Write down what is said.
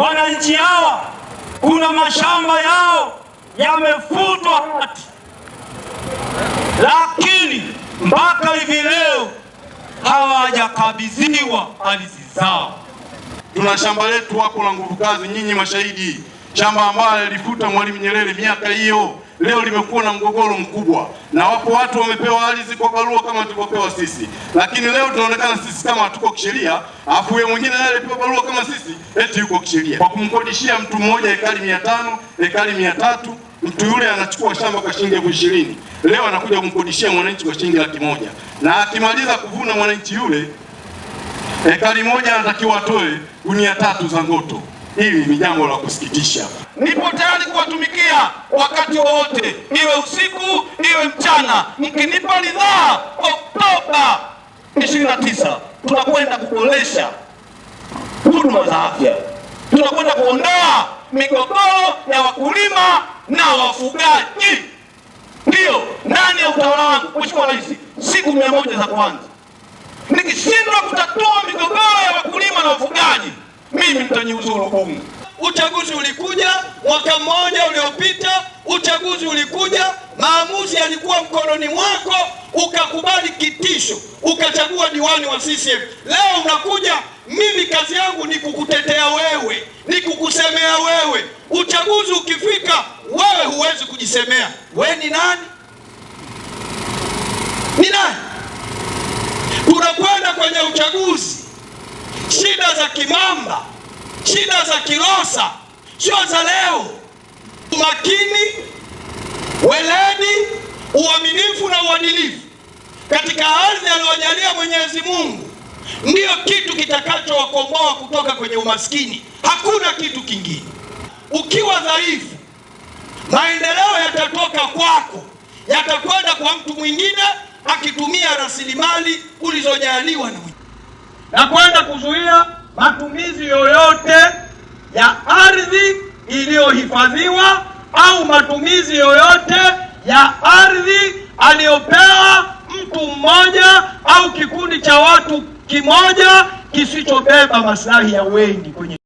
Wananchi hawa kuna mashamba yao yamefutwa hati, lakini mpaka hivi leo hawajakabidhiwa ardhi zao. Tuna shamba letu, wako na nguvu kazi, nyinyi mashahidi shamba ambalo lilifuta Mwalimu Nyerere miaka hiyo, leo limekuwa na mgogoro mkubwa, na wapo watu wamepewa ardhi kwa barua kama tulivyopewa sisi, lakini leo tunaonekana sisi kama hatuko kisheria, afu yeye mwingine naye alipewa barua kama sisi eti yuko kisheria kwa kumkodishia mtu mmoja ekari mia tano ekari mia tatu mtu yule anachukua shamba kwa shilingi elfu ishirini leo anakuja kumkodishia mwananchi kwa shilingi laki moja na akimaliza kuvuna mwananchi yule ekari moja anatakiwa atoe gunia tatu za ngoto. Hili ni jambo la kusikitisha. Nipo tayari kuwatumikia wakati wowote, iwe usiku iwe mchana. Mkinipa ridhaa, Oktoba 29 tunakwenda kuboresha huduma za afya, tunakwenda kuondoa migogoro ya wakulima na wafugaji. Ndiyo, ndani ya utawala wangu, Mheshimiwa Rais, siku mia moja za kwanza mimi mtaniuzuru umu. Uchaguzi ulikuja mwaka mmoja uliopita, uchaguzi ulikuja, maamuzi yalikuwa mkononi mwako, ukakubali kitisho, ukachagua diwani wa CCM. Leo unakuja, mimi kazi yangu ni kukutetea wewe, ni kukusemea wewe. Uchaguzi ukifika, wewe huwezi kujisemea. We ni nani? Ni nani? Tunakwenda kwenye uchaguzi, shida za kimamba Shida za kirosa sio za leo. Umakini, weledi, uaminifu na uadilifu katika ardhi aliyojalia Mwenyezi Mungu ndiyo kitu kitakachowakomboa kutoka kwenye umaskini. Hakuna kitu kingine. Ukiwa dhaifu, maendeleo yatatoka kwako, yatakwenda kwa mtu mwingine akitumia rasilimali ulizojaliwa na kwenda kuzuia matumizi yoyote ya ardhi iliyohifadhiwa au matumizi yoyote ya ardhi aliyopewa mtu mmoja au kikundi cha watu kimoja kisichobeba maslahi ya wengi kwenye